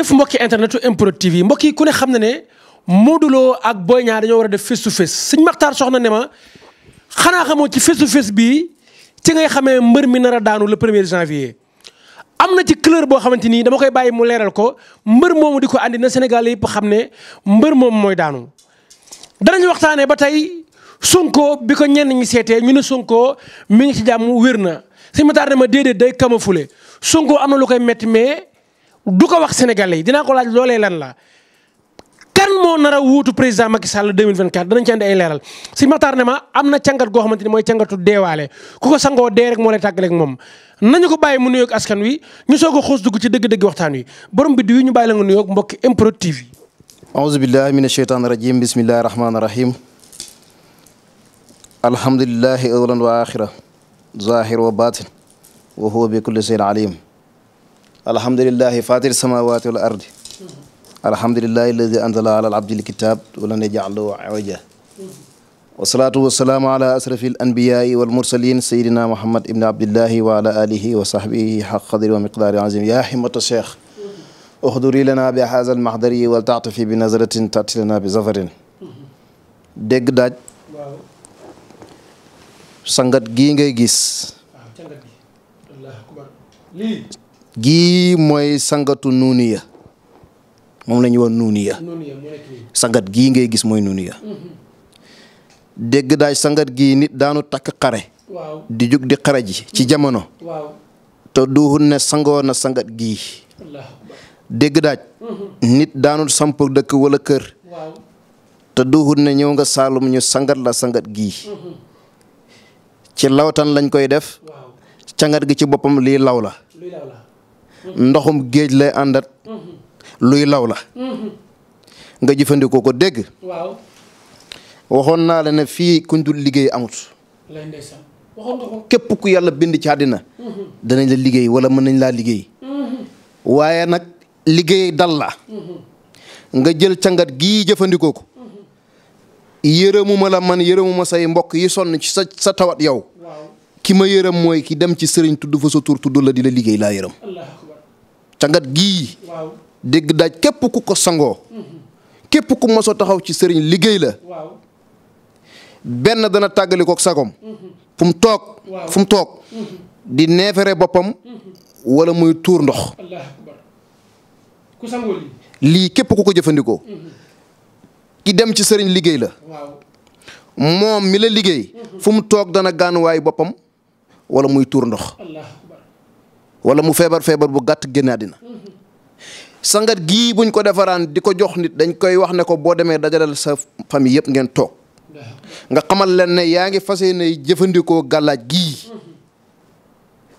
jërëjëf mbokki internet u MPROD TV mbokk yi ku ne xam na ne Modou Lo ak Boy Niang dañoo war a def face to face sëñ Maxtaar soxna ne ma xanaa xamoo ci face to face bii ci ngay xamee mbër mi nar a daanu le première janvier. am na ci couleur boo xamante ni dama koy bàyyi mu leeral ko mbër moomu di ko andi na Sénégal yëpp xam ne mbër moom mooy daanu danañ waxtaanee ba tey Sonko bi ko ñenn ñi seetee ñu ne Sonko mi ngi ci jàmm wér na sëñ Maxtaar ne ma déedéet day kamafule Sonko am na lu koy du ko wax sénégalais yi dinaa ko laaj loolee lan la kan moo nar wuutu président Macky Sall 2024 danañ ci ay leeral si Matar ne ma am na càngat goo xamante ni mooy càngatu deewaale ku ko sangoo dee rek moo lay tàggaleeg moom. nañu ko bàyyi mu nuyoog askan wi ñu soog a xoos dugg ci dëgg dégg waxtaan wi borom bi du ñu bàyyi la nga nuyoog mbokki MPROD TV. aouzu billahi mina sheytaani rajim bismillahi rahmaani awlan wa axira zahir wa batin wa huwa bi kulli shay'in alim alhamdulilahi fatir samawati wal ardi alhamdulilahi alladi anzala ala al abdi alkitab wala najalo awaja wasalaatu wasalaamu ala asrafi al anbiyai wal mursalin sayidina muhammad ibni abdillahi wa ala alihi wa sahbihi xaq qadri wa miqdaari azim yaa himmata cheikh uxduri lana bi haza al mahdari wal taatafi bi nazaratin taati lana bi zafarin dégg daaj sangat gii ngay gis lii gii mooy sangatu nuuniya moom la ñuy wax sangat gii ngay gis mooy nuuniya mhm. dégg daaj sangat gii nit daanu takk xare di jug di xare ji ci mhm. jamono te duuxul ne sangoo na sangat gii dégg daaj mhm. nit daanu samp dëkk wala kër te duuxul ne ñëw nga saalum ñu sangat la sangat gii ci lawtan lañ koy def cangat gi ci boppam lii law la ndoxum géej lay àndat luy law la nga jëfandikoo ko dégg waaw waxoon naa la ne fii kuñ dul liggéey amut képp ku yàlla bind ci àddina danañ la liggéey wala mën nañ laa liggéey waaye nag liggéey dal la nga jël cangat gii jëfandikoo ko yërëmuma la man yërëmuma say mbokk yi sonn ci sa sa tawat yow ki ma yërëm mooy ki dem ci sëriñ tudd fa sa tur tudd la di la liggéey laa yërëm cangat gii dégg daaj képp ku ko sangoo képp ku mosoo taxaw ci sëriñ liggéey la benn dana tàggali kook sagom fu mu toog fu mu toog di neefere boppam wala muy tuur ndox lii képp ku ko jëfandikoo ki dem ci sëriñ liggéey la moom mi la liggéey uhuh. fu mu toog dana gaanuwaay boppam wala muy tuur ndox wala mu feebar feebar bu gàtt génn àddina sangat gii buñ ko defaraan di ko jox nit dañ koy wax ne ko boo demee dajalal sa famille yëpp ngeen toog nga xamal leen ne yaa ngi fas yéene jëfandikoo gàllaaj gii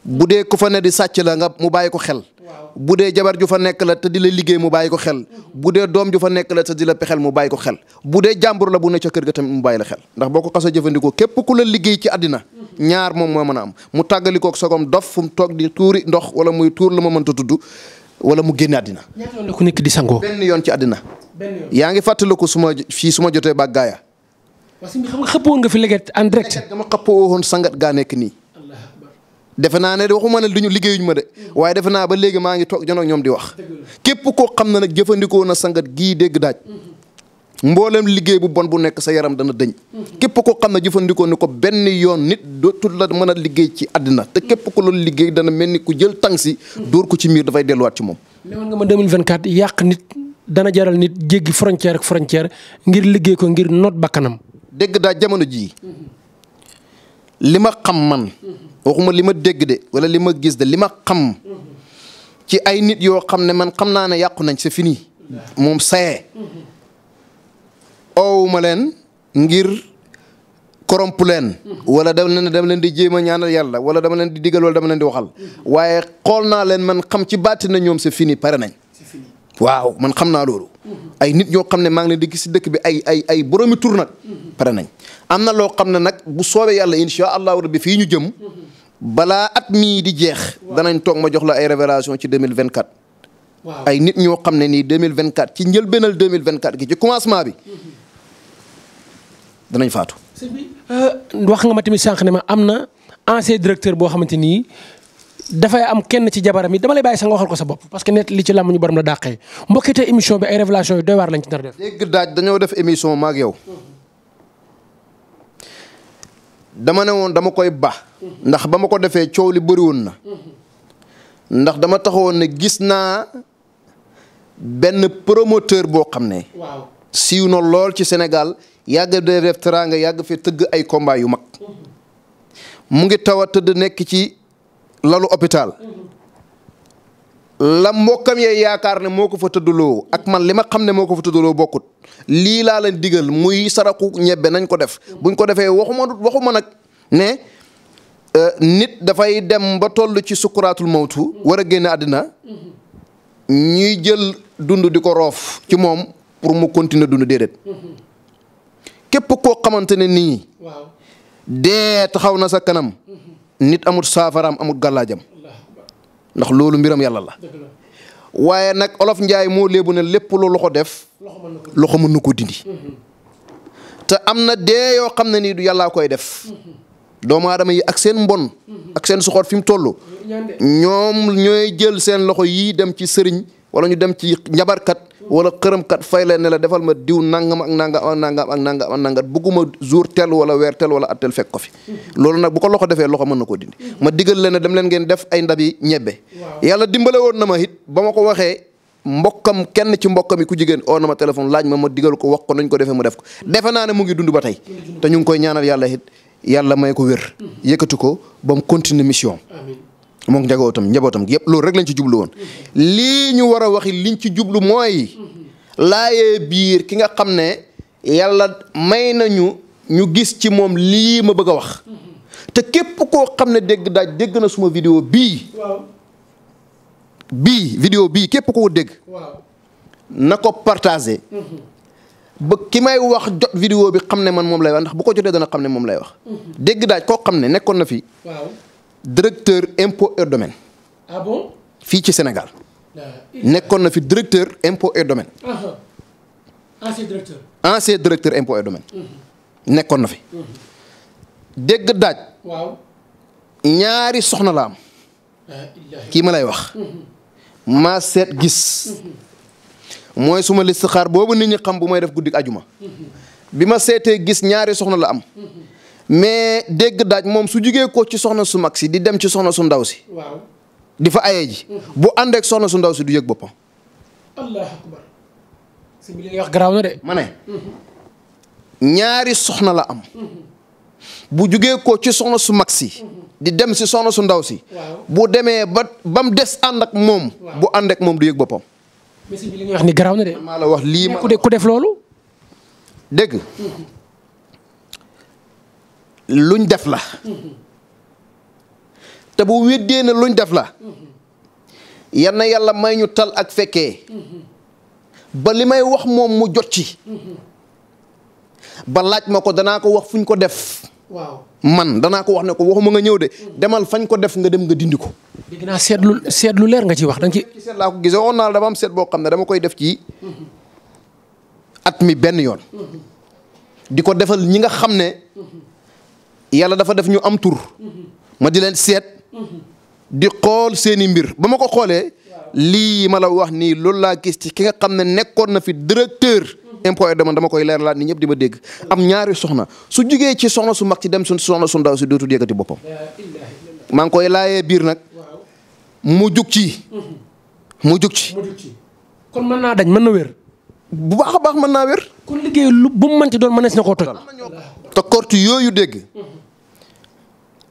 bu dee ko fa ne di sàcc la nga mu bàyyi ko xel bu dee jabar ju fa nekk la te di la liggéey mu bàyyi ko xel bu dee doom ju fa nekk la te di la pexel mu bàyyi ko xel bu dee jàmbur la bu ne ca kër ga tamit mu bàyyi la xel ndax boo ko xas a jëfandikoo képp ku la liggéey ci àddina ñaar moom moo mën a mu tàggalikook sogom dof fu mu di tuuri ndox wala muy tuur la ma mënta tudd wala mu génne àddina àddina yaa ngi fàttaliku su ma fii su ma jotee bàggaaya xam nga xëppoon nga fi léegi en direct dama xëppoo woon defe naa ne waxuma ne duñu liggéeyuñu ma de waaye defe naa ba léegi maa ngi toog ñoom di wax képp koo xam ne nag jëfandikoo na sangat gii dégg daaj mboolem liggéey bu bon bu nekk sa yaram dana dëñ képp koo xam na jëfandikoo ni ko benn yoon nit dootul la mën a liggéey ci àddina te képp ko loolu liggéey dana mel ni ku jël tàng si dóor ko ci miir dafay delluwaat ci moom nga ma 2024 yàq nit dana jaral nit jéggi frontière ak frontière ngir liggéey ko ngir noot bakkanam dégg daa jamono jii li ma xam waxuma li ma dégg de wala li ma gis de li ma xam ci ay nit yoo xam ne man xam naa ne yàqu nañ c'est fini moom saye oowuma leen ngir koromp leen wala dama leen dama leen di jéem a yàlla wala dama leen di digal wala dama leen di waxal waaye xool naa leen man xam ci bàtti na ñoom c'est fini pare nañ waaw man xam naa loolu mhm. ay nit yoo xam ne maa ngi leen di gis si dëkk bi ay ay ay boroomi tur nag mhm. pare nañ am na loo xam ne nag bu soobee yàlla incha allahu rabbi fii ñu jëm mhm. balaa at mii di jeex. danañ toog ma jox la ay révélation ci 2024. waaw ay nit ñoo xam ne nii 2024 ci njëlbeenal 2024 gi ci commencement bi danañ faatu. Euh, wax nga ma tamit sànq ne ma am na ancien directeur boo xamante ni dafay am kenn ci jabaram yi dama lay bàyyi sa nga waxal ko sa bopp parce que net li ci làmb ñu borom la dàqee mbokk te émission bi ay révélation yi doy waar lañ ci nar def. dégg daaj émission maak yow. dama ne woon dama koy ba ndax ba ma ko defee coow li bëriwoon na ndax dama taxawoon ne gis naa benn promoteur boo xam ne siiw na lool ci Sénégal yàgg dee def nga yàgg fi tëgg ay combat yu mag mu ngi taw a tëdd nekk ci lalu hôpital la mbokkam yee yaakaar ne moo ko fa tëddaloo ak man li ma xam ne moo ko fa tëddaloo bokkut lii laa leen digal muy saraxu ñebbe nañ ko def buñ ko defee waxuma waxuma nag ne Euh, nit dafay dem ba toll ci sukkuraatul mawtu war a génn àddina ñuy jël dund di ko roof ci moom pour mu continuer dund déedéet képp koo xamante ne nii dee taxaw na sa kanam nit amut saafaraam amut gàllaajam ndax loolu mbiram yàlla la waaye nag olof njaay moo léebu ne lépp lu loxo def loxo mën na ko dindi mhm. te am na dee yoo xam ne nii du yàllaa koy def mhm. doomu aadama yi ak seen mbon ak seen soxoot fi mu toll ñoom ñooy jël seen loxo yii dem ci sëriñ wala ñu dem ci kat njabarkat wala kat fay leen ne la defal ma diw nangam ak nangam ak nangam ak nangam ak nangam bugguma jour tel wala weer wala at fekk ko fi loolu nag bu ko loxo defee loxo mën na koo dindi ma digal leen ne dem leen ngeen def ay ndabi ñebbe yàlla dimbale woon na ma it ba ma ko waxee mbokkam kenn ci mbokkam yi ku jigéen oo na ma téléphone laaj ma ma digal ko wax ko nañ ko defee mu def ko defe naa ne mu ngi dund ba tey te ñu ngi koy ñaanal yàlla it yàlla may ko wér yëkkati ko ba mu continuer mission moom njabootam njabootam yëpp loolu rek lañ ci jublu woon lii ñu war a waxi liñ ci jublu mooy laayee biir ki nga xam ne yàlla may nañu ñu gis ci moom lii ma bëgg a wax te képp koo xam ne dégg daaj dégg na suma vidéo bii bii vidéo bii képp koo dégg na ko partagé mhm. ba ki may wax jot vidéo bi xam ne man moom lay wax ndax bu ko jotee dana xam ne moom lay wax. Mhm. dégg daaj koo xam ne nekkoon na fi. waaw directeur impôt et domaine. ah fii ci Sénégal. nekkoon na fi directeur impôt et domaine. Ah ah. ancien directeur. ancien directeur mhm. nekkoon na fi. Mhm. dégg daaj. waaw ñaari soxna la am. kii ma lay wax. maa seet gis. mooy suma listixaar boobu nit ñi xam bu may def guddik ajuma bi ma seetee gis ñaari soxna la am mais dégg daaj moom su jugee koo ci soxna su mag si di dem ci soxna su ndaw si. waaw di fa ayee ji. bu ànd ak su ndaw si du yëg boppam. allah wax garaaw na ma ne. ñaari soxna la am. bu jugee ko ci soxna su mag si. di dem si soxna su ndaw si. bu demee ba ba mu des ànd ak moom. bu ànd ak moom du yëg boppam. mais bi wax ni garaaw na de. maa la wax lii ma ku def loolu. dëgg luñ def la. te bu weddee na luñ def la. yal yàlla may ñu tal ak fekkee. ba li may wax moom mu jot ci. ba laaj ma ko danaa ko wax fuñ ko def. man danaa ko wax ne ko waxuma nga ñëw de demal fañ ko def nga dem nga dindi ko. dégg seetlu seetlu leer nga ci wax da ci. seet ko gisee woon naa la dama am boo xam ne dama koy def ci at mi benn yoon. di ko defal ñi nga xam ne yàlla dafa def ñu am tur. ma di leen seet. di xool seeni mbir ba ma ko xoolee. lii ma la wax nii loolu laa gis ci ki nga xam ne nekkoon na fi directeur. impôt et demande dama koy leer laa ni ñëpp di ma dégg am ñaari soxna su jugee ci soxna su mag ci dem su soxna su ndaw si dootul yëkkati boppam maa ngi koy laayee biir nag mu jug ci mu jug ci kon mën naa dañ mën na wér bu baax baax mën naa wér kon liggéey lu bu mu ci doon mënees na koo tojal te kort yooyu dégg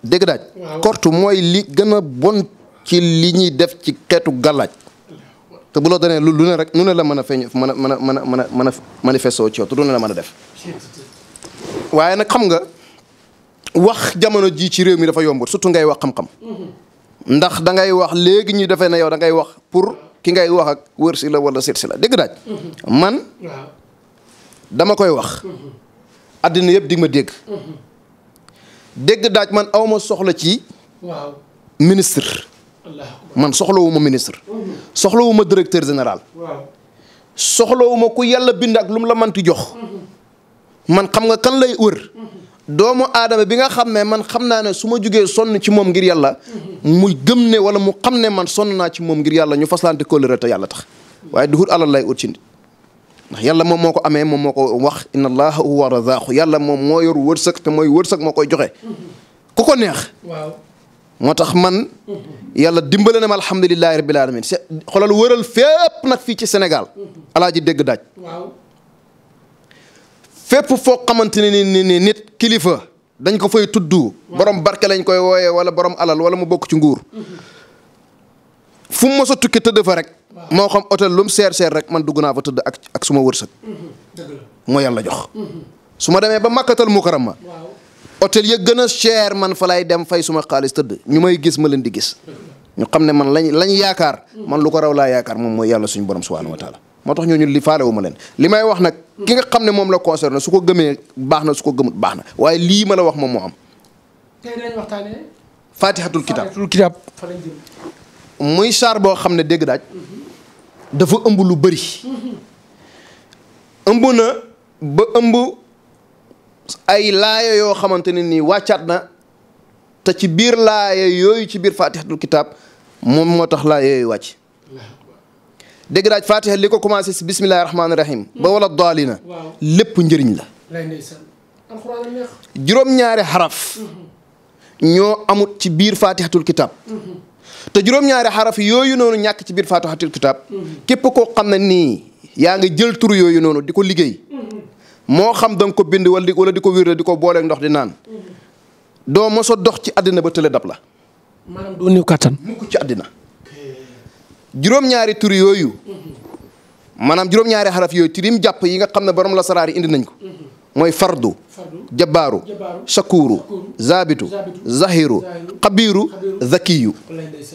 dégg daaj korte mooy li gën a bon ci li ñuy def ci xeetu gàllaaj te bu la danee lu ne rek nu ne la mën a feeñ mën a mën a mën a mën a mën a manifesté ci yow te du ne la mën a def waaye nag xam nga wax jamono jii ci réew mi dafa yombut surtout ngay wax xam-xam mm-hmm. ndax dangay wax léegi ñu defee ne yow da ngay wax pour ki ngay wax ak wër si la wala seet si la dégg daaj mm-hmm. man dama koy wax addina mm-hmm. yëpp di ma dégg dégg daaj man awma soxla ci ministre man soxlawuma ministre soxlawuma directeur général soxlawuma ku yàlla bind ak lu mu la manti jox man xam nga kan lay wër doomu aadama bi nga xam ne man xam naa ne su ma jugee sonn ci moom ngir yàlla muy gëm ne wala mu xam ne man sonn naa ci moom ngir yàlla ñu faslante kóllëre te yàlla tax waaye du hut alal lay ut ci nit ndax yàlla moom moo ko amee moom moo ko wax inna allaha huwa razaqu yàlla moom moo yor wërsëg te mooy wërsëg moo koy joxe ku ko neex moo tax man yàlla dimbale na ma alhamdulilahi rabbil alamin se wëral fépp nag fii ci senegal alaaji dégg daaj waaw fépp foo xamante ne ni ni nit kilifa dañ ko fay tudd borom barke lañ koy wooyee wala borom alal wala mu bokk ci nguur mm-hmm. fu mu mos a fa rek moo xam hôtel lu mu seer seer rek man dugg naa fa tëdd ak ak suma wërsëg mm-hmm. moo yàlla jox mm-hmm. su ma demee ba màkkatal mukarama hôtel ya gën a cher man fa lay dem fay suma xaalis tëdd ñu may gis ma leen di gis ñu xam ne man lañ lañ yaakaar man lu ko raw laa yaakaar moom mooy yàlla suñu borom subhanahu wa taala moo tax ñooñu li faale wu ma leen li may wax nag ki nga xam ne moom la concerné su ko gëmee baax na su ko gëmut baax na waaye lii ma la wax moom moo am. tey dañu waxtaanee. Fatihatul Kitab muy saar boo xam ne dégg daaj. dafa ëmb lu bari mm-hmm. ëmb na ba ëmb. ay laaya yoo xamante ne nii wàccaat na te ci biir laaya yooyu ci biir faatixatul kitaab moom moo tax laaya yooyu wàcc dégg naa li ko commencé si bismillahi rahmaani rahim ba wala daali na lépp njëriñ la juróom xaraf mm-hmm. ñoo amut ci biir faatixatul kitaab mm-hmm. te juróom-ñaari xaraf yooyu noonu ñàkk ci biir faatixatul kitaab mm-hmm. képp koo xam ne nii yaa ngi jël tur yooyu noonu di ko liggéey moo xam da nga ko bind wala di wala di ko wér di ko booleeg ndox di naan doo mosoo dox ci àddina ba tële dab la. doo néew kattan. ci àddina juróom-ñaari tur yooyu maanaam juróom-ñaari xaraf yooyu tirim jàpp yi nga xam ne borom la saraar yi indi nañ ko. mooy fardu jabbaaru shakuuru zaabitu zahiru xabiiru zakiyu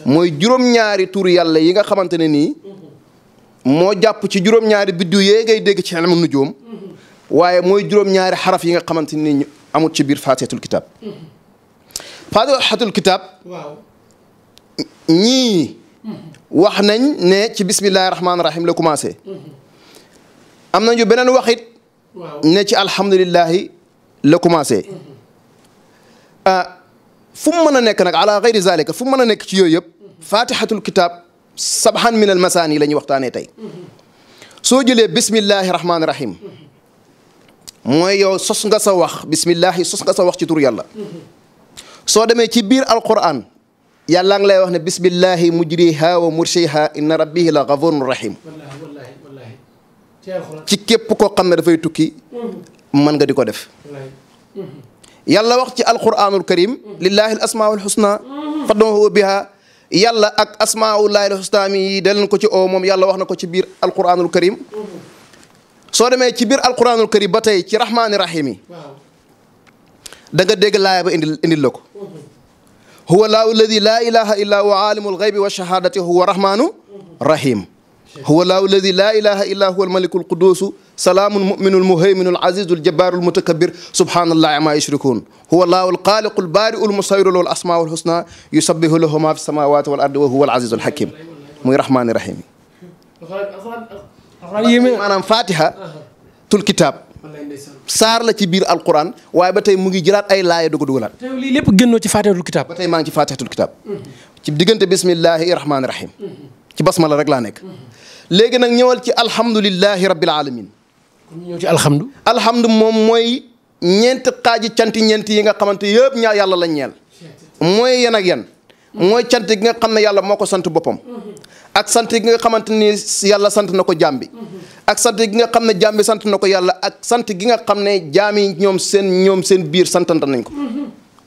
mooy juróom-ñaari tur yàlla yi nga xamante ne nii mm-hmm. moo jàpp ci juróom-ñaari biddiw yee ngay dégg ci ilmu nujuum mm-hmm. waaye mooy juróom-ñaari xaraf yi nga xamante ni amul ci biir faatihatul kitaab faatihatul kitaab ñii wax nañ ne ci bismillahi rahmaani rahim la commencé am nañu beneen waxit ne ci alhamdulillahi la commencé ah fu a nekk nag ala gayri zalika fu mu mën a nekk ci yooyu yëpp faatihatul kitaab sabhan min al masaani la ñuy waxtaanee tey mm-hmm. soo jëlee bismillahi rahmaani rahim mooy yow sos nga sa wax bismillahi sos nga sa wax ci tur yàlla soo demee ci biir alquran yàllaa ngi lay wax ne bismillahi mujriha wa mursiha inna rabbihi la ghafurun rahim ci képp koo xam ne dafay tukki mm-hmm. mën nga di ko def mm-hmm. yàlla wax ci alquranul karim mm-hmm. lillahi al asmaul husna fad'uhu biha yàlla ak asmaullahi al husna mi yi ko ci oo moom yàlla wax na ko ci biir alquranul karim soo demee ci biir alquranul karim ba tey ci rahmaani rahim yi da nga dégg laaya ba indil indil la ko huwa laahu alladi laa ilaha illa huwa aalimul gaybi wa shahaadati huwa rahmaanu rahim huwa laahu alladi laa ilaha illa huwa almalikul quduusu salaamun muminul muhayminul azizul jabbaarul mutakabbir subhaanallahi amaa yushrikuun huwa laahu alxaaliqul baariul musawwiru lahul asmaaul husnaa yusabbihu lahu maa fi samaawaati wal ardi wa huwa al azizul hakiim muy rahmaani rahim maanaam fatiha tul kitaab saar la ci biir alquran waaye ba tey mu ngi jëlaat ay laaya duga dugalaat lii lépp génnoo ci fatihatul kitaab ba tey maa ngi ci fatihatul kitaab ci diggante bismillahi rahmaani rahim ci basmala rek laa nekk léegi nag ñëwal ci alhamdulillahi rabbil alamin kon ci alhamdu alhamdu moom mooy ñeenti xaaji canti ñeenti yi nga xamante yëpp ñaar yàlla lañ ñeel mooy yan ak yan mooy cant gi nga xam ne yàlla moo ko sant boppam ak sant gi nga xamante ni yàlla sant na ko jaam bi ak sant gi nga xam ne jaam sant na ko yàlla ak sant gi nga xam ne jaam yi ñoom seen ñoom seen biir santante nañ ko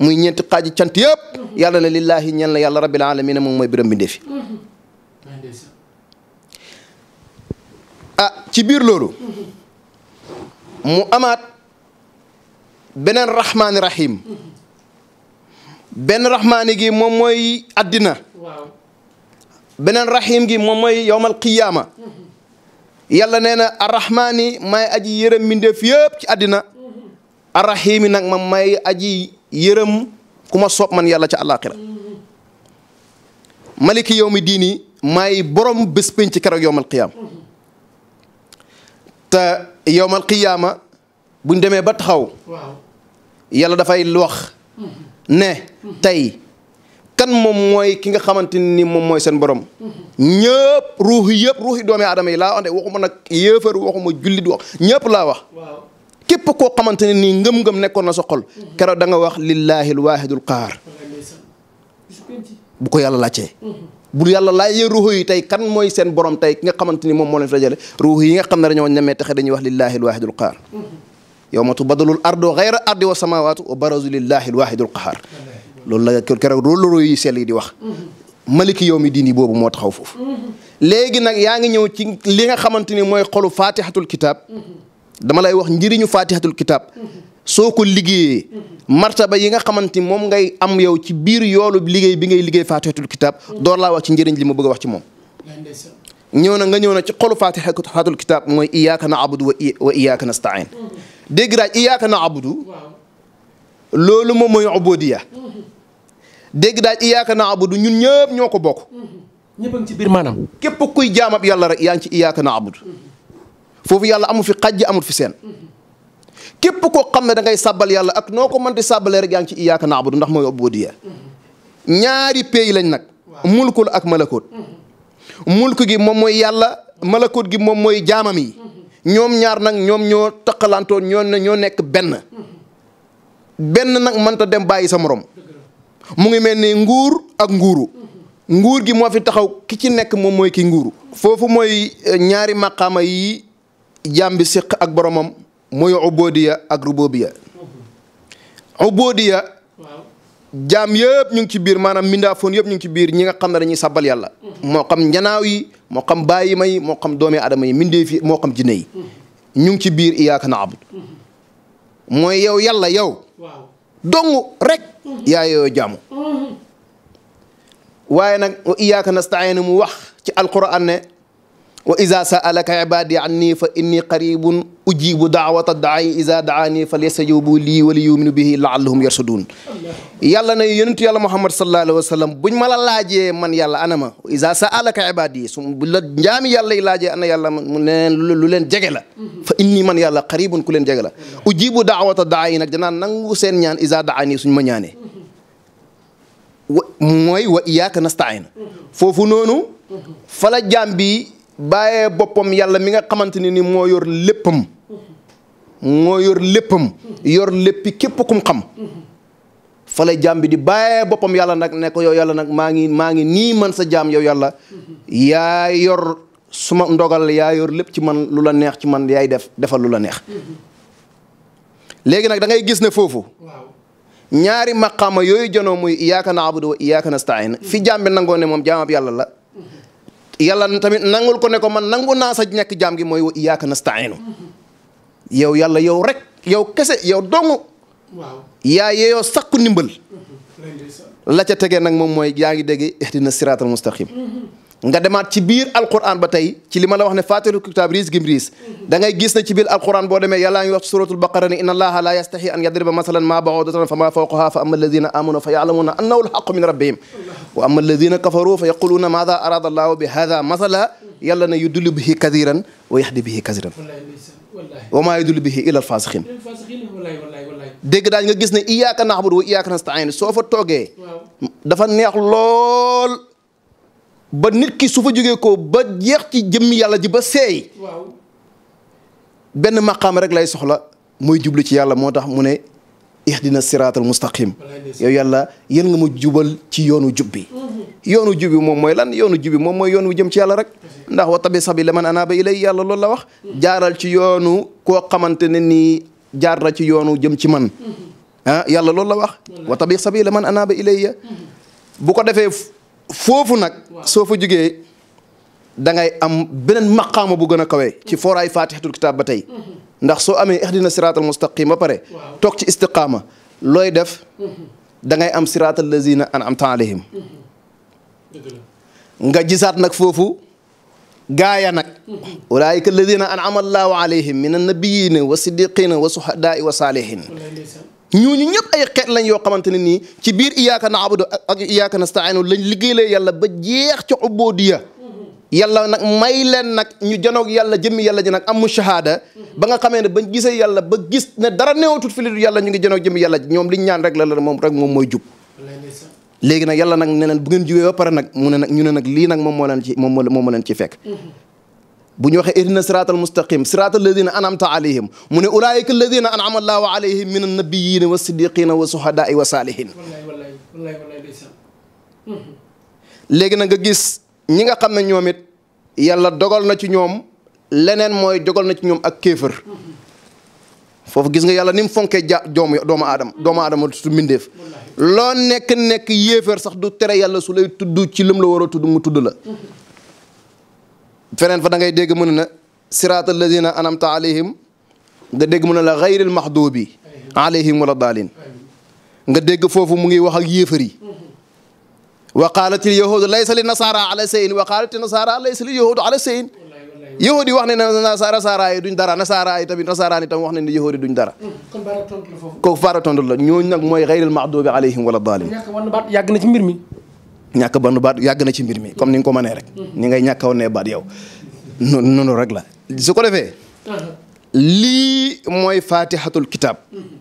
muy ñeenti xaaji cant yëpp yàlla ne lillaahi ñeel na yàlla rabbil alamina moom mooy biram bi ndefi ah ci biir loolu mu amaat beneen rahmaani rahim benn rahmaani gi moom mooy àddina beneen rahim gi moom mooy yowmal qiyaama yàlla nee na arrahmaani may aji yërëm mbindeef yëpp ci àddina arrahim yi nag ma may aji yërëm ku ma soob man yàlla ca àllaaxira maliki yowmi diini may borom bés pénc ci keroog yowmal qiyaama te yowmal qiyaama buñ demee ba taxaw yàlla dafay wax ne tey kan moom mooy ki nga xamante ni moom mooy seen borom ñëpp ruux yëpp ruuxi doome adama yi laa wax de waxuma nag yéefar waxuma jullit wax ñëpp laa wax képp koo xamante ne nii ngëm-ngëm nekkoon na sa xol mhm. da nga wax lillahi alwaahidul qahaar bu ko yàlla laajtee mhm. bu yàlla laajee ruux yi tey kan mooy seen borom tey ki nga xamante ni moom moo leen fi dajale ruux yi nga xam ne dañoo ñemee taxe dañuy wax lillahi alwaahidul qahaar mhm. yow ma tubadalul ardo xayra ardi wa samawaatu wa barazu loolu la keroog loolu la royu sell yi di wax maliki yow mi diini boobu moo taxaw foofu léegi nag yaa ngi ñëw ci li nga xamante ni mooy xolu fatihatul kitab dama lay wax njëriñu fatihatul kitab soo ko liggéeyee martaba yi nga xamante moom ngay am yow ci biir yoolu liggéey bi ngay liggéey fatihatul kitab door laa wax ci njëriñ li ma bëgg wax ci moom ñëw na nga ñëw na ci xolu fatihatul kitab mooy iyyaka na'budu wa iyyaka nasta'in dégg daaj iyyaka na'budu loolu moom mooy ubudiya dégg daal iyaaka naabudu ñun ñëpp ñoo ko bokk. ñëpp ci biir maanaam. képp kuy jaamab yàlla rek yaa ngi na iyaaka naabudu foofu yàlla amul fi xajj amul fi seen. képp koo xam ne da ngay sàbbal yàlla ak noo ko mënti sàbbalee rek yaa ngi ci iyaaka naabudu ndax mooy ubudiya ñaari pays lañ nag. mulkul ak malakoot. mulk gi moom mooy yàlla malakoot gi moom mooy jaamam yi. Uhuh. ñoom ñaar nag ñoom ñoo taqalantoon ñoo ñoo nekk benn. Uhuh. benn nag manta dem bàyyi sa morom mu ngi mel ni nguur ak nguuru nguur gi moo fi taxaw ki ci nekk moom mooy ki nguuru foofu mooy eh, ñaari maqaama yi jaam bi séq ak boromam mooy ubodiya ak rubobiya ubodiya jaam yëpp ñu ngi ci biir maanaam mindaafoon yëpp ñu ngi ci biir ñi nga xam ne dañuy sabbal yàlla moo xam njanaaw yi moo xam bàyyi ma yi moo xam doomi adama yi mindeef fi moo xam jinne yi ñu ngi ci biir iyaaka na abud mooy yow yàlla yow dong rek mm-hmm. yaa yooyu jaamu mm-hmm. waaye nag wa iyyaka nasta'in mu wax ci alquran wa iza saalaka ibadi anni fa inni qaribun ujibu daawata daai iza daani falyastajibu lii wa liyuminu bihi laallahum yarshudun yàlla na yonentu yàlla muhammad sallallahu alayhi wa sallam buñ ma la laajee man yàlla ana ma iza saalaka ibadi su bu la njaami yàlla yi laajee ana yàlla mu ne lu leen jege la fa inni man yàlla qaribun ku leen jege la ujibu daawata daai nag danaa nangu seen ñaan iza daani suñ ma ñaanee mooy wa iyaaka nastain foofu noonu fala jaam bi bàyyee boppam yàlla mi nga xamante ne ni moo yor léppam moo yor léppam yor léppi képp kum xam fale la di bàyyee boppam yàlla nag ne ko yow yàlla nag maa ngi maa ngi nii man sa jaam yow yàlla yaa yor suma ndogal yaa yor lépp ci man lu la neex ci man yaay def defal lu neex léegi nag dangay gis ne foofu ñaari maqaama yooyu janoo muy iyaaka naabudu wa iyaaka nastain fi jaam bi nangoo moom jaamab yàlla la yàlla tamit nangul ko ne man nangu naa sa ñàkk jaam gi mooy wa iyyaka nasta'inu yow yàlla yow rek yow kese yow dong. waaw yaa yeeyoo sakku ndimbal. la ca tegee nag moom mooy yaa ngi dégg ihdina siraatal mustaqim mm-hmm. nga demaat ci biir alquran ba tey ci li ma la wax ne faatiru kitaab riis gim riis mhm. da ngay gis ne ci biir alquran boo demee yàllaa ngi wax ci suratul baqara ne inna allaha la yastahi an yadriba masalan ma baodatan fa ma fawqaha fa ama alladina amanu fa yaalamuuna annahu alhaqu min rabbihim wa ama alladina kafaru fa yaquluuna maada arada allahu bi hada masala yàlla ne yudullu bihi kadiran wa yahdi bihi kasiran wa maa yudullu bihi ila alfasiqin dégg daal nga gis ne iyaaka nahbudu wa iyaaka nastain soo fa toogee dafa neex lool ba nit ki fa jógee ko ba jeex ci jëmmi yàlla ji ba seey. waaw benn maqaam rek lay soxla mooy jublu ci yàlla moo tax mu ne ihdina siraatal mustaqim yow yàlla yéen nga ma jubal ci yoonu jub bi mhm. moom mooy lan yoonu jub moom mooy yoon wu jëm ci yàlla rek ndax wa tabi sabi la man anaaba ilay yàlla loolu la wax jaaral ci yoonu koo xamante ne nii jaar ci yoonu jëm ci man mhm. ah yàlla loolu la wax wa tabi sabi la man anaaba ilay mhm. bu ko defee foofu nag soo fa jugee dangay am beneen maqaama bu gën a kawee ci fooraay faatixatul kitaab ba tey mhm. ndax soo amee ihdina siraatal mustaqim ba pare toog ci istiqaama looy def mhm. dangay am siraatal lazina an'amta alayhim mhm. nga jisaat nag foofu gaaya nag ulaayika alladina an'ama allahu alayhim min annabiyiina wa siddiqiina wa suhadaai wa saalihin ñooñu ñëpp ay xeet lañ yoo xamante ne nii ci biir iyyaka na'budu ak iyyaka nasta'inu lañ liggéeyee yàlla ba jeex ca ubboodiya yàlla nag may leen nag ñu janoog yàlla jëmmi yàlla ji nag amu shahada ba nga xamee ne bañ gisee yàlla ba gis ne dara neewatut fi lu yàlla ñu ngi janoog jëmmi yàlla ñoom liñ ñaan rek la la moom rek moom mooy jub léegi nag yàlla nag ne leen bu ngeen jubee ba pare nag mu ne nag ñu ne nag lii nag moom moo leen ci moom moo leen ci bu ñu waxee ihdina siraatal mustaqim siraatal ladina anamta alayhim mu ne ulaayika alladina anama allahu alayhim min annabiyina wa siddiqina wa suhadaai wa saalihin léegi na gis ñi nga xam ne ñoom it yàlla dogal na ci ñoom leneen mooy dogal na ci ñoom ak kéefër foofu gis nga yàlla ni mu ja doomu doomu aadama doomu aadama su mbindeef loo nekk nekk yéefër sax du tere yàlla su lay tudd ci lam la war a tudd mu tudd la mm-hmm. feneen fa da ngay dégg mën na siraatal lazina anamta alayhim nga dégg mën na la xayril maxduubi alayhim wala daalin nga dégg foofu mu ngi wax ak yéefar yi wa qaalatil yahudu laysa li nasaara ala sayin wa qaalatil nasaara laysa li yahudu ala sayin yahud yi wax ne nasaara yi duñ dara nasaara yi tamit nasaara yi tam wax ne ne yahud yi duñ dara. Hmm, kon baara tontu la nag mooy xayril maxduubi alayhim wala daalin. yàgg ci mbir mi. ñàkk bandu baat yàgg na ci mbir mi comme ni nga ko mënee rek. Mhm. ni ngay ñàkk a nee baat yow. noonu noonu rek la su ko defee. Mhm. lii mooy faatihatul kitaab. Mhm.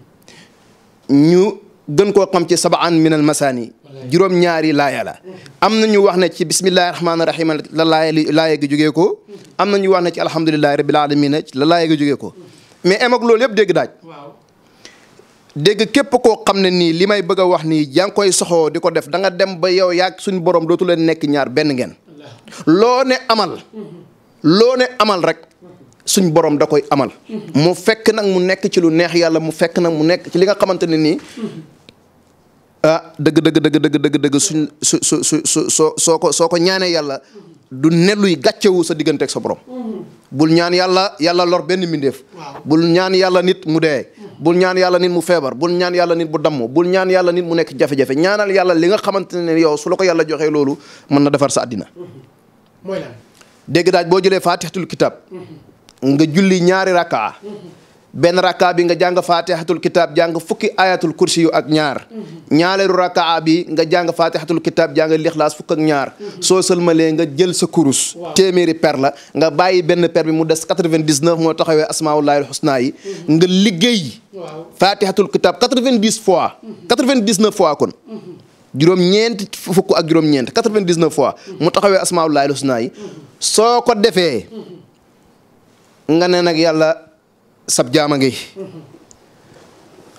ñu gën koo xam ci sabaan minal masaani. juróom ñaari laaya la. am na ñu wax na ci bismillahi rahmaani rahiim la laaya li laaya gi jógee ko. am na ñu wax na ci alhamdulillahi rabbil aalamiina la laaya gi jógee ko. mais em ak loolu yëpp dégg daaj. dégg képp koo xam ne nii li may bëgg a wax nii yaa ngi koy soxoo di ko def danga dem ba yow yaag suñu borom dootu leen nekk ñaar benn ngeen. loo ne amal. loo ne amal rek. suñ borom da koy amal. mu fekk nag mu nekk ci lu neex yàlla mu fekk nag mu nekk ci li nga xamante ne nii. ah dëgg dëgg dëgg dëgg su su su soo soo ko soo ko ñaanee yàlla du ne gàccewu sa diggante sa borom. bul ñaan yàlla yàlla lor benn mbindeef. bul ñaan yàlla nit mu dee. bul ñaan yàlla nit mu feebar bul ñaan yàlla nit bu damm bul ñaan yàlla nit mu nekk jafe-jafe ñaanal yàlla li nga xamante ne yow su la ko yàlla joxee loolu mën na defar sa àddina. mooy lan dégg daaj boo jëlee faatixatul kitaab. Mm-hmm. nga julli ñaari rakkaa. Mm-hmm. benn rakka bi nga jàng fatihatul kitab jàng fukki ayatul kursi yu ak ñaar ñaareelu rakka bi nga jàng fatihatul kitab jàng lixlaas fukk ak ñaar soo sëlmalee nga jël sa kurus téeméeri per la nga bàyyi benn per bi mu des quatre-vingt-dix-neuf moo taxawee asmaullahil husna yi mhm. nga liggéey fatihatul kitab quatre fois quatre vingt dix juróom ñeent quatre-vingt-dix-neuf fois mhm. mhm. mu taxawee asmaullahil husna yi soo ko defee nga ne yàlla sab jaama ngi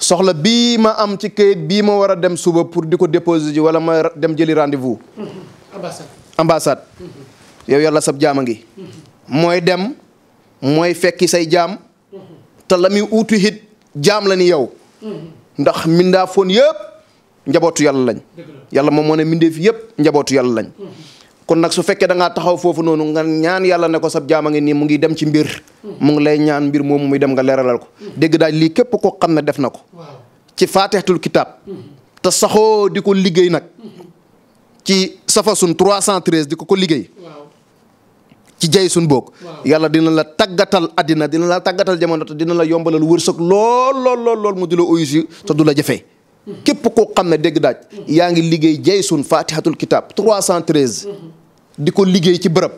soxla bii ma am ci kayit bii ma war a dem suba pour di ko déposer ji wala ma dem jëli rendez-vous. ambassade ambassade. yow yàlla sab jaama ngi. mooy dem mooy fekki say jaam. te la muy uutu jaam lañu ni yow. ndax mbindaa foon yëpp njabootu yàlla lañ. yàlla moom moo ne mbindeef yëpp njabootu yàlla lañ. kon nag su fekkee da ngaa taxaw foofu noonu nga ñaan yàlla ne ko sab jaama ngi nii mu ngi dem ci mbir mu ngi lay ñaan mbir moomu muy dem nga leeralal ko dégg daal lii képp koo xam ne def na ko ci faatixatul kitaab te saxoo di ko liggéey nag ci safasun 313 di ko ko liggéey ci jay suñ dina la tàggatal àddina dina la tàggatal jamono dina la yombalal wërsëg lool lool lool lool te du la jafee mm-hmm. képp koo xam ne dégg daaj mm-hmm. yaa ngi liggéey jay suñ faatixatul kitaab di ko liggéey ci bërëb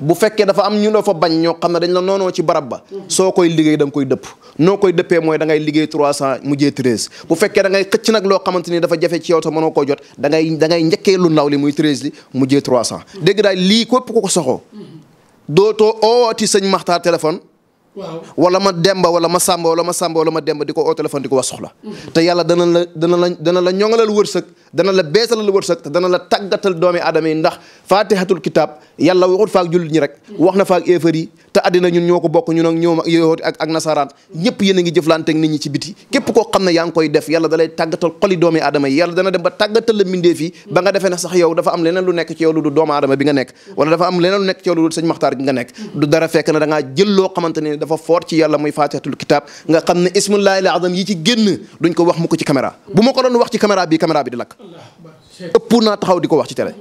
bu fekkee dafa am ñu la fa bañ ñoo xam ne dañ la noonoo ci barab ba mhm. soo koy liggéey da koy dëpp noo koy dëppee mooy da ngay liggéey trois cent mujjee treize bu fekkee da ngay xëcc nag loo xamante ni dafa jafe ci yow te mënoo koo jot da ngay da ngay njëkkee lu li muy treize li mujjee trois cent mhm. dégg daal lii képp ku ko soxoo mhm. dootoo ooti sëñ Maxtaar téléphone waaw wala ma demba wala ma sàmba wala ma sàmba wala ma demba di ko oo téléphone di ko wax soxla te yàlla dana la dana la dana la ñoŋalal wërsëg dana la beesalal wërsëg te dana la tàggatal doomi aadama yi ndax faatihatul kitab yàlla waxut faak jullit ñi rek wax na faak éefar yi te àddina ñun ñoo ko bokk ñun ak ñoom yowooti nasaraan ñëpp yéen a ngi jëflante ak nit ñi ci biti képp koo xam ne yaa ngi koy def yàlla da lay tàggatal xoli doomi aadama yi yàlla dana dem ba tàggatal la mbindeef yi ba ne sax yow dafa am leneen lu nekk ci yow lu du bi nga nekk wala am leneen lu nekk ci nga nekk du fekk na da ngaa loo xamante ne dafa foor ci yàlla muy faatihatul kitab nga xam ne ismullahi al azam yi ci génn duñ ko wax mu ko ci caméra bu ma ko doon wax ci caméra bi caméra bi di ëpp naa taxaw di ko wax ci télé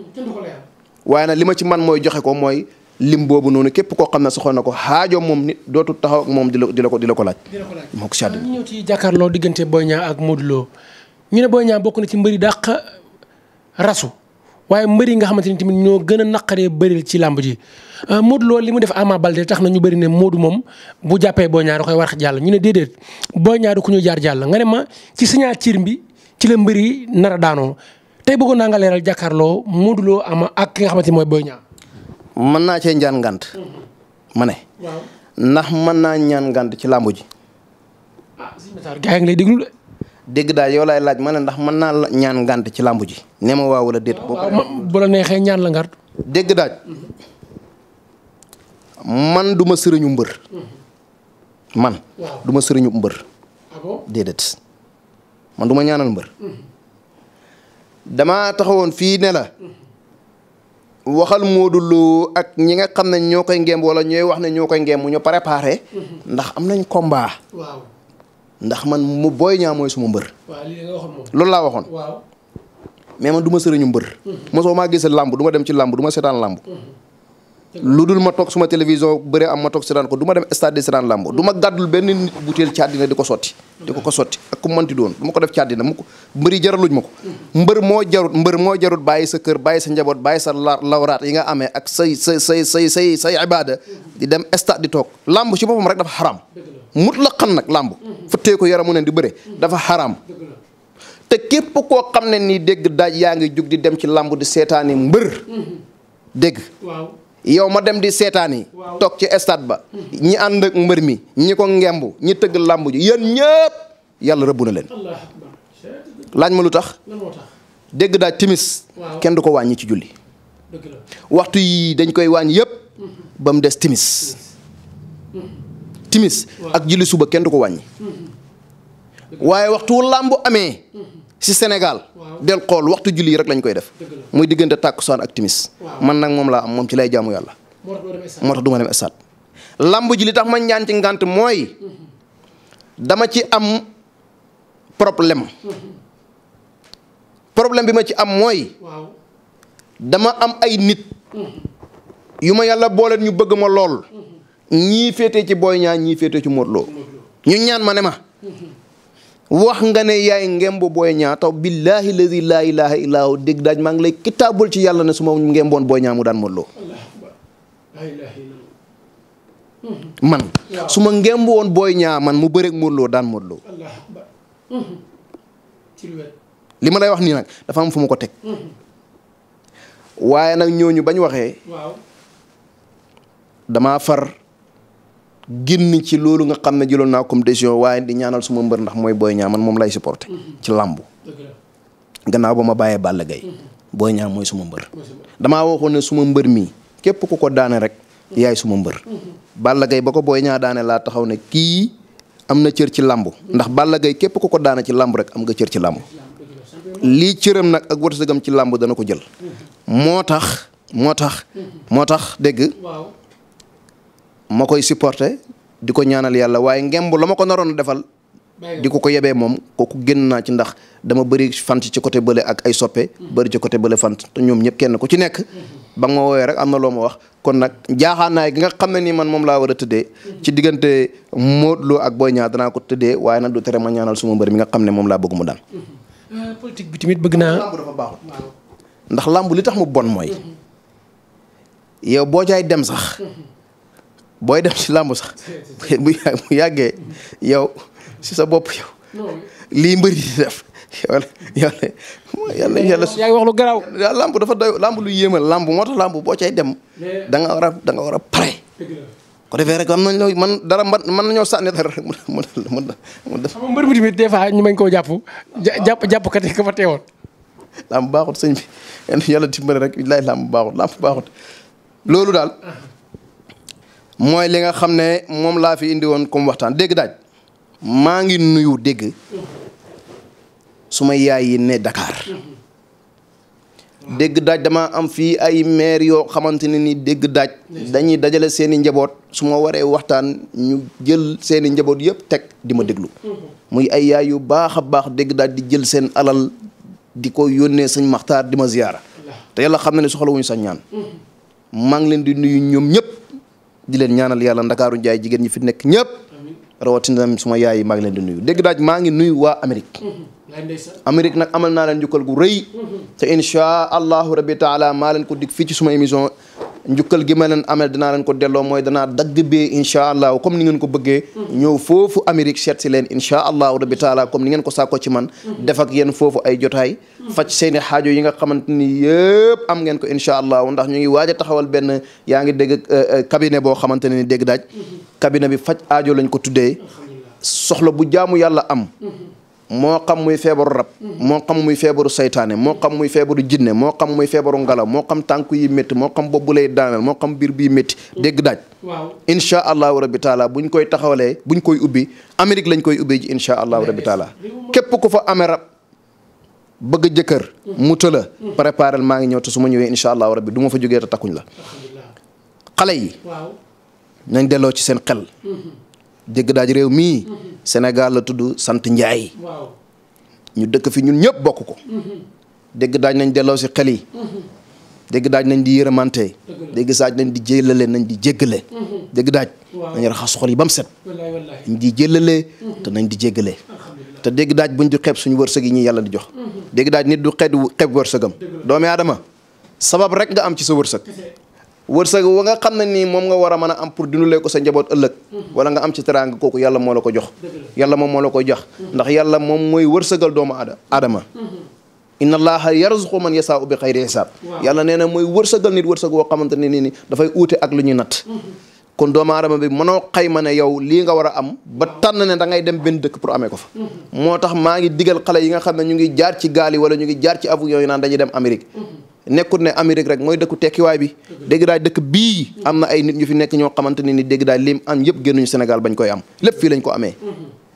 waaye na li ma ci man mooy joxe ko mooy lim boobu noonu képp koo xam ne soxla na ko xaajoo moom nit dootu taxaw moom di la di la ko di la ko laaj. moo ko si àddina ñu ñëw ci jàkkaarloo diggante Boy Niang ak ñu ne Boy Niang bokk na ci mbëri dàq rasu waaye mbëri nga xamante ni tamit ñoo gën a naqaree bëril ci làmb ji euh, Modou Lo li mu def Ama Baldé tax na ñu bëri ne Modou moom bu jàppee Boy Niang da koy war jàll ñu ne déedéet Boy Niang ku ñu jaar jàll nga ne ma ci signature bi. ci la mbër yi nar a tey bëggoon naa nga leeral jàkkaarloo Modou Lo ak ki nga xamante ni mooy Boy Niang. mën naa cee njaan ngant. Mm-hmm. Ah, ma ne. ndax mën naa ñaan ngant ci làmb ji. ah gaa ngi lay déglu daal yow laay laaj ma ne ndax mën naa la ñaan ngant ci làmb ji nee ma wala déet. la neexee ñaan la ngant. dégg daaj mm-hmm. man du ma sëriñu mbër. Mm-hmm. man. du ma sëriñu mbër. Ah déedéet. man du ma ñaanal mbër damaa taxawoon fii ne la waxal Modou Lo ak ñi nga xam ne ñoo koy ngemb wala ñooy wax ne ñoo koy ngemb ñu préparé. ndax am nañ combat. ndax man mu booy ñaa mooy suma mbër. waaw loolu laa waxoon. waaw mais man du ma sëriñu mbër. Hmm. mosoo maa gis làmb du dem ci làmb du ma seetaan làmb. Hmm. lu dul ma toog suma télévision bëre am ma toog seetaan ko du ma dem stade di seetaan lamb du ma gàddul benn nit butéel ci àddina di ko sotti di ko ko sotti ak ku mënti doon du ko def ci àddina mu ko mbëri jaraluñ ma ko mbër moo jarut mbër moo jarut bàyyi sa kër bàyyi sa njaboot bàyyi sa lawraat yi nga amee ak say say say say say say ibada di dem stade di toog lamb ci boppam rek dafa xaraam mut la nag lamb fëttee ko yaramu neen di bëre dafa xaraam te képp ko xam ne nii dégg daaj yaa ngi jug di dem ci lamb di seetaani mbër dégg yow ma dem di seetaan yi toog ci stade ba ñi ànd ak mbër mi ñi ko ngemb ñi tëgg làmb ji yéen ñëpp yàlla rëbb na leen laaj ma lu tax dégg daaj timis kenn du ko wàññi ci julli waxtu yi dañ koy wàññi yëpp mhm. ba mu des timis mhm. timis ak julli suba kenn du ko wàññi mhm. waaye waxtu làmb amee si senegal del xool waxtu julli rek lañ koy def. muy diggante tàkkusaan ak timis. man nag moom laa am moom ci lay jaamu yàlla. moo tax du ma dem stade tax ma ñaan ci ngant mooy dama ci am problème problème bi ma ci am mooy dama am ay nit yu ma yàlla booleen ñu bëgg ma lool ñii féetee ci Boy Niang ñii féete ci Modou ñu ñaan ma ne ma wax nga ne yaay ngemb booy ñaa taw billahi lazi laa ilaha illa hu maa ngi lay kitaabul ci yàlla ne su ma ngemboon booy ñaa daan Modou Lo hmm. man woon booy ñaa man mu bëreeg Modou daan Modou hmm. li ma lay wax nii nag dafa am fu ma ko teg hmm. waaye nag ñooñu bañ waxee damaa far génn ci loolu nga xam ne jëloon naa comme waaye di ñaanal suma mbër ndax mooy Boy Niang man moom lay supporté ci làmb gannaaw ba ma bàyyee Balla Gaye Boy Niang mooy suma mbër damaa waxoon ne suma mbër mii képp ku ko daane rek yaay suma mbër Balla Gaye ba ko Boy Niang daane laa taxaw ne kii am na cër ci làmb ndax Balla Gaye képp ku ko daane ci làmb rek am nga cër ci làmb lii cëram nag ak wërsëgam ci làmb dana ko jël moo tax moo tax moo tax dégg ma koy supporter di ko ñaanal yàlla waaye ngemb la ma ko naroon defal. di ko ko yebee moom kooku génn naa ci ndax dama bëri fant ci côté bële ak ay soppe. bari ci côté bële fant te ñoom ñëpp kenn ku ci nekk. bag ma woowee rek am na loo ma wax kon nag jaaxaanaay gi nga xam ne nii man moom laa war a tëddee ci diggante Modou Lo ak Boy Niang danaa ko tëddee waaye nag du tere ma ñaanal suma mbër mi nga xam ne moom laa bëgg mu daan. Euh, politique bi tamit bëgg naa. làmb ndax làmb li tax mu bon mooy. yow boo jaay dem sax. booy dem ci làmb sax bu yàggee yow si sa bopp yow lii mbëri di def yow yàlla yàlla yàlla yaa wax lu garaaw lamb dafa doy làmb lu yéemal lamb moo tax làmb boo cay dem danga nga war a a pare ko defee rek am nañ la man dara mën mën nañoo sànni dara rek mën mën mën mën def mbër mi tamit des fois ñu mañ koo jàpp jàpp jàpp kat yi ka fa teewoon làmb baaxut sëñ bi yàlla dimbali rek billaay làmb baaxut làmb baaxut loolu daal mooy li nga xam ne moom laa fi indi woon comme waxtaan dégg daaj maa ngi nuyu dégg suma yaay yi ne Dakar dégg daaj dama am fii ay maire yoo xamante ne ni dégg daaj dañuy dajale seen i njaboot su ma waree waxtaan ñu jël seen i njaboot yëpp teg di ma déglu muy ay yaay yu baax a baax dégg daaj di jël seen alal di ko yónnee sëñ maxtaar di ma ziyaara te yàlla xam na ne soxla wuñu sax ñaan maa ngi leen di nuyu ñoom ñëpp di leen ñaanal yàlla ndakaaru njaay jigéen ñi fi nekk ñëpp rawatina suma yaay yi maa ngi leen di nuyu dégg daaj maa ngi nuyu waa Amérique Amérique nag amal naa leen njukkal gu rëy mm-hmm. te insha allahu rabbi taala maa leen ko dig fii ci suma émission njukkal gi ma leen amel dinaa leen ko delloo mooy danaa dagg bee insha allahu comme ni ngeen ko bëggee mm-hmm. ñëw foofu Amérique seet si leen insha allahu rabbi taala comme ni ngeen ko sàkkoo ci man mm-hmm. def ak yéen foofu ay jotaay faj seeni xaajo yi nga xamante ni am ngeen ko insha allahu ndax ñu ngi waaj a taxawal benn yaa ngi dégg eh, eh, cabinet boo xamante ne dégg daaj cabinet bi faj aajo lañ ko tuddee bu jaamu yàlla am moo xam muy feebaru rab moo xam muy feebaru seytaane moo xam muy feebaru jinne moo xam muy feebaru ngelaw moo xam tànk yi métti moo xam bopp bu lay daaneel moo xam biir bii métti dégg daaj waaw incha allahu rabi taala buñ koy taxawalee buñ koy ubbi Amérique lañ koy ubbee ji incha allahu rabi taala képp ku fa amee rab bëgg jëkkër mu tëla maa ngi ñëw te su ma ñëwee incha allahu rabi du ma fa jógee te takkuñ la xale yi nañ delloo ci seen xel mm-hmm. dégg daaj réew mii mm-hmm. Sénégal la tudd sant Njaay ñu dëkk fi ñun ñëpp bokk ko dégg daaj nañ delloo si xel yi dégg daaj nañ di yërëmante dégg saaj nañ di jëlale nañ di jéggale dégg daaj nañ raxas xol yi ba mu set nañ di jëlale te nañ di jéggale te dégg daaj buñ di xeeb suñu wërsëg yi ñu yàlla di jox dégg daaj nit du xeeb xeeb wërsëgam doomi aadama sabab rek nga am ci sa wërsëg wërsëg wa nga xam na ni moom nga war a a am pour dundalee ko sa njaboot ëllëg wala nga am ci teraanga ko yàlla yalla la ko jox yàlla moom moo la ko jox ndax yàlla moom mooy wërsëgal doomu aada aadama mm-hmm. inna allaha yarzuqu man yasaa'u bi xayri hisaab yàlla nee na mooy wërsëgal nit wërsëg woo xamante ne nii ni dafay uute ak lu ñuy natt mm-hmm. kon doomu aadama bi mënoo xayma ne yow lii nga war a am ba tànn ne da ngay dem benn dëkk pour amee ko fa mhm. moo tax maa ngi digal xale yi nga xam ne ñu ngi jaar ci gaal yi ñu ngi jaar ci avion yi naa dañuy dem Amérique mhm. nekkut ne Amérique rek mooy dëkku tekkiwaay bi mhm. dégg daay dëkk bii am na ay nit ñu fi nekk ñoo xamante ne ni dégg daay lim am yëpp génnuñu Sénégal bañ koy am lépp fii lañ ko amee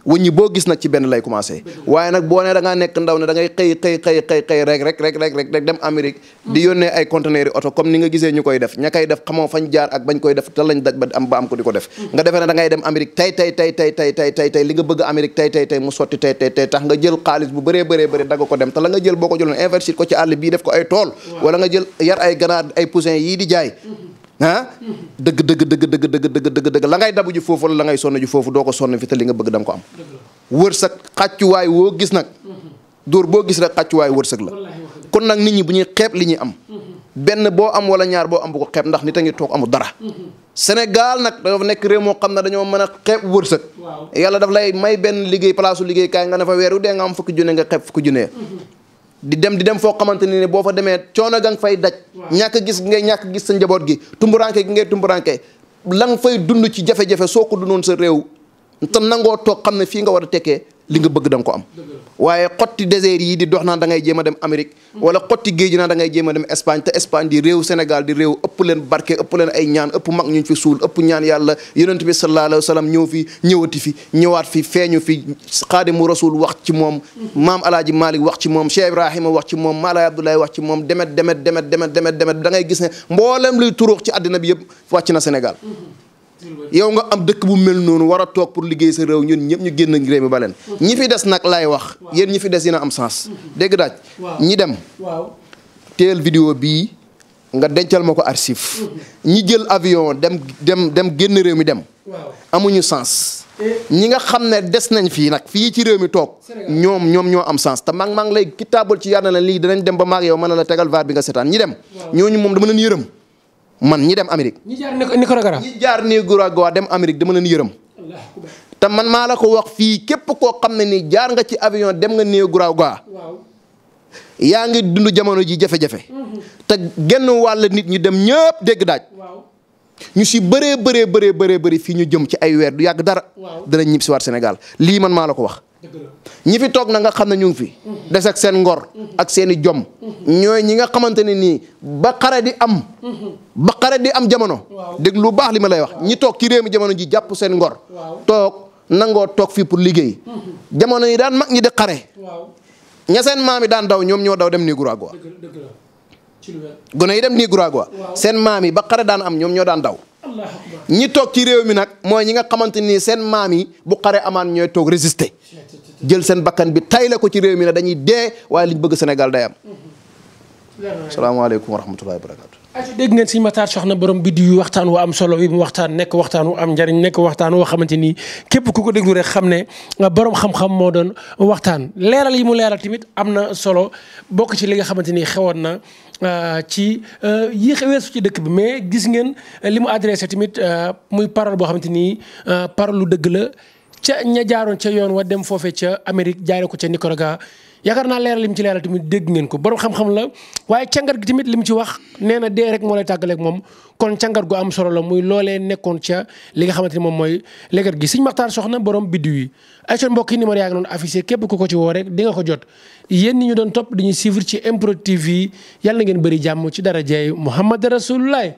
wëññi boo gis nag ci benn lay commencé waaye nag boo ne da ngaa nekk ndaw ne da ngay xëy xëy xëy rek rek rek rek rek dem Amérique di yónnee ay conteneurs oto comme ni nga gisee ñu koy def ña koy def xamoo fañ jaar ak bañ koy def te lañ daj ba am ba am ko di ko def nga defee ne da ngay dem Amérique tey tey tey tey tey tey tey tey li nga bëgg Amérique tey tey tey mu sotti tey tey tey tax nga jël xaalis bu bëree bëree bëri dagg ko dem te la nga jël boo ko jëloon investir ko ci àll bii def ko ay tool wala nga jël yar ay ganaar ay poussin yii di jaay ah dëgg dëgg dëgg dëgg dëgg dëgg dëgg la ngay dabu ji foofu la ngay sonn ji foofu doo ko sonn fi te li nga bëgg da nga ko am wërsëg xàccuwaay woo gis nag dóor boo gis rek xàccuwaay wërsëg la kon nag nit ñi bu ñuy xeeb li ñu am benn boo am wala ñaar boo am bu ko xeeb ndax nit a ngi toog amul dara Sénégal nag dafa nekk réew moo xam ne dañoo mën a xeeb wërsëg yàlla daf lay may benn liggéey palaasu liggéey kaay nga ne fa weer wu dee nga am fukki junne nga xeeb fukki junne di dem di dem foo xamante ne boo fa demee coono ga fay daj. ñàkk gis ngay ñàkk gis sa njaboot gi. tumburanke gi ngay tumburanke la nga fay dund ci jafe-jafe soo ko dundoon sa réew te nangoo toog xam ne fii nga war a tekkee li nga bëgg da ko am waaye xotti désert yi di dox naa da ngay jéem a dem Amérique wala xotti géej naan da ngay jéem a dem Espagne te Espagne di réew Sénégal di réew ëpp leen barke ëpp leen ay ñaan ëpp mag ñu fi suul ëpp ñaan yàlla yonent bi sallallahu alayhi wa sallam ñëw fi ñëwati fi ñëwaat fi feeñu fi xaadimu rasul wax ci moom maam alaaji Malick wax ci moom Cheikh Ibrahima wax ci moom Malaay Abdoulaye wax ci moom demet demet demet demet demet demet da gis ne mboolem luy turuux ci àddina bi yëpp wàcc na Sénégal yow nga am dëkk bu mel noonu war a toog pour liggéey sa réew ñun ñëpp ñu génn réew mi baleen ñi fi des nag laay wax yéen ñi fi des dina am sens mm-hmm. dégg daaj ñi dem teel vidéo bi nga dencal ma ko archive mm-hmm. ñi jël avion dem dem dem génn réew mi dem amuñu sens eh. ñi nga xam ne des nañ fii nag fii ci réew mi toog ñoom ñoom ñoo am sens te maa ngi maa ngi lay kitaabal ci yar na la lii danañ dem ba maag yow mën na la tegal vaar bi nga seetaan ñi dem ñooñu moom dama leen man ñi dem Amérique. ñi jaar Nicaragua ñi jaar Nicaragua dem Amérique dama leen yërëm. te man maa la ko wax fii képp koo xam ne ni jaar nga ci avion dem nga guraaw waaw yaa ngi dund jamono ji jafe-jafe. Mhm. te genn wàll nit ñi dem ñëpp dégg daaj. waaw ñu si bëree bëree bëree bëree bëri fii ñu jëm ci ay weer du yàgg dara. danañ ñib si waat Sénégal lii man maa la ko wax. ñi fi toog nanga xam ne ñu ngi fi. Mhm. des seen ngor. Mhm. ak seen i jom. Mhm. ñooy ñi nga xamante ne nii ba xare di am. ba xare di am jamono. dégg lu baax li ma lay wax ñi toog ci réew mi jamono ji jàpp seen ngor. toog nangoo toog fi pour liggéey. jamono yi daan mag ñi di xare. ña seen maam daan daw ñoom ñoo daw dem nii Guraguwa. gone yi dem Nicaragua seen maam yi ba xare daan am ñoom ñoo daan daw ñi toog ci réew mi nag mooy ñi nga xamante ni seen maam yi bu xare amaan ñooy toog résister jël seen bakkan bi tay la ko ci réew mi ne dañuy dee waaye liñ bëgg Sénégal day am salaamaaleykum wa rahmatullahi wa barakaatu aco dégg ngeen si Matar Soxna borom bi waxtaan wu am solo bi mu waxtaan nekk waxtaan wu am njariñ nekk waxtaan woo xamante ni képp ku ko déglu rek xam ne a boroom xam moo doon waxtaan leeral yi mu leeral tamit am na solo bokk ci li nga xamante ni xewoon na Euh, ci euh, yi weesu ci dëkk bi mais gis ngeen euh, li mu adressé tamit muy parole boo xamante ni parole lu dëgg la ca ña jaaroon ca yoon wa dem foofee ca Amérique jaare ko ca Nicaragua yaakaar naa leeral lim ci leeral tamit dégg ngeen ko borom xam-xam la waaye càngar gi tamit lim ci wax nee na dee rek moo lay tàggaleeg moom kon càngar gu am solo la muy loolee nekkoon ca li nga xamante ni moom mooy leket gi Sëñ Maxtaar Soxna borom biddiw yi ay seen mbokk yi numéro yaa ngi noonu affiché képp ku ko ci woo rek di nga ko jot yéen ñi ñu doon topp dañuy suivre ci improtive yi yàlla na ngeen bari jàmm ci dara jeey Muhammad Rasulullah